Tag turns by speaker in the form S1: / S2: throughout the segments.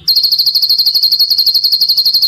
S1: なに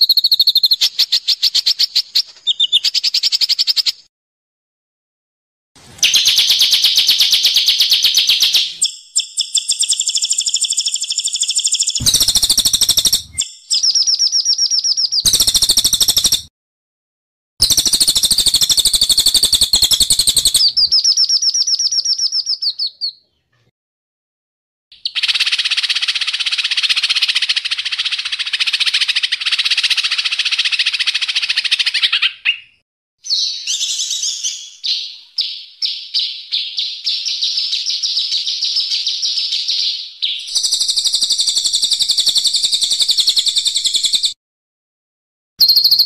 S1: you